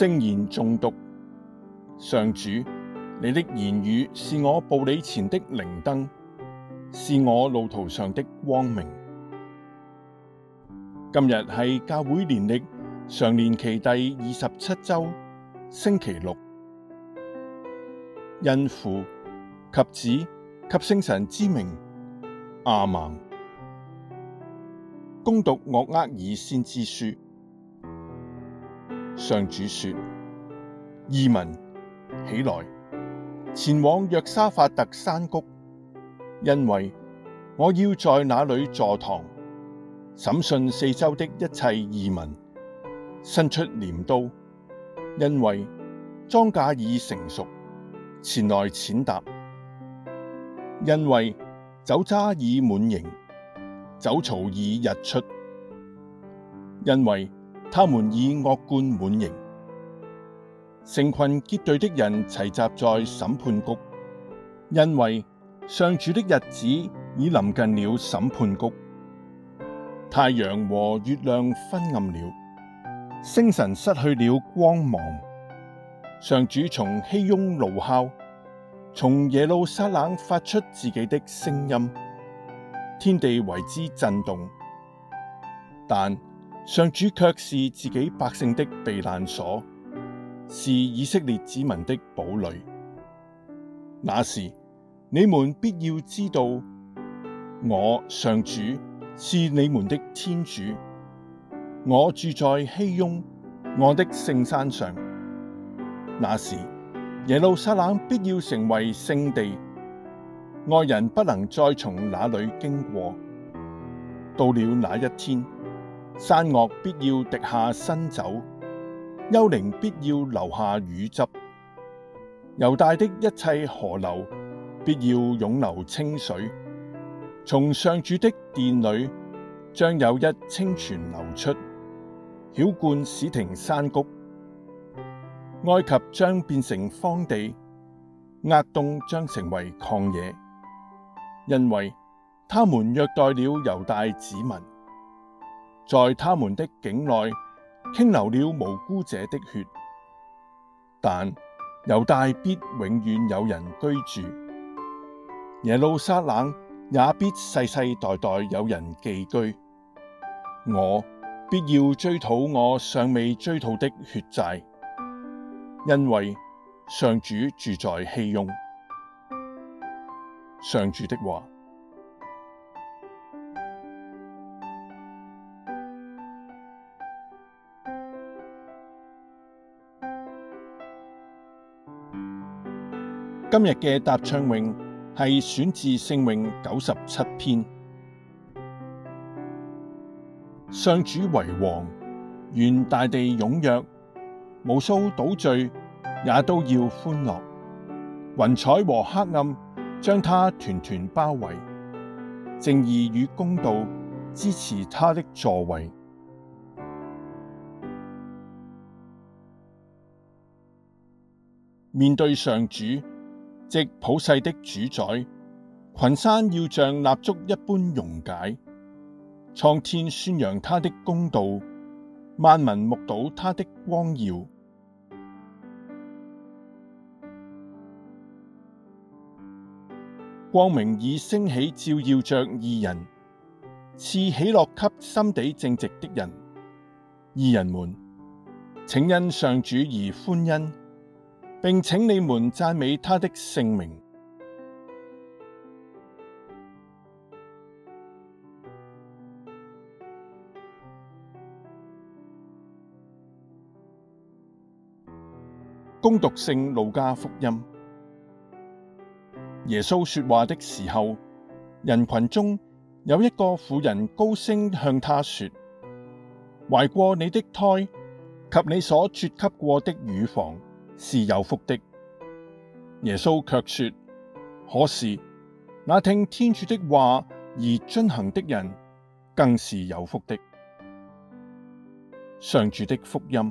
聖言誦讀，上主，你的言語是我步你前的靈燈，是我路途上的光明。今日係教會年曆常年期第二十七周星期六，因父及子及聖神之名，阿門。恭讀《岳厄爾先知書》。上主說：異民，起來，前往約沙法特山谷，因為我要在那裏坐堂，審訊四周的一切異民。伸出鐮刀，因為莊稼已成熟，前來踐踏，因為酒榨已滿盈，酒槽已溢出，因為。他們已惡貫滿盈，成群結隊的人齊集在審判谷，因為上主的日子已臨近了審判谷。太陽和月亮昏暗了，星辰失去了光芒。上主從熙雍怒吼，從耶路撒冷發出自己的聲音，天地為之震動。但上主卻是自己百姓的避難所，是以色列子民的堡壘。那時你們必要知道，我上主是你們的天主，我住在熙雍我的聖山上。那時耶路撒冷必要成為聖地，外人不能再從那裏經過。到了那一天，山嶽必要滴下新酒，丘陵必要流下乳汁，猶大的一切河流必要湧流清水。從上主的殿裏將有一清泉流出，澆灌史廷山谷，埃及將變成荒地，厄東將成為曠野，因為他們虐待了猶大子民。在他們的境內傾流了無辜者的血，但猶大必永遠有人居住，耶路撒冷也必世世代代有人寄居。我必要追討我尚未追討的血債，因為上主住在熙雍。上主的話。今日嘅答唱詠係選自聖詠九十七篇。上主為王，願大地踊躍，無數島嶼，也都要歡樂。雲彩和黑暗將他團團包圍，正義與公道支持他的座位。面對上主。即普世的主宰，群山要像蠟燭一般溶解，蒼天宣揚他的公道，萬民目睹他的光耀。光明已升起，照耀着義人，賜喜樂給心地正直的人。義人們，請因上主而歡欣。並請你們讚美他的聖名。恭讀聖路加福音，耶穌說話的時候，人群中有一個婦人高聲向他說：懷過你的胎及你所吮吸過的乳房，是有福的。耶穌卻說：“可是，那聽天主的話而遵行的人，更是有福的。”上主的福音。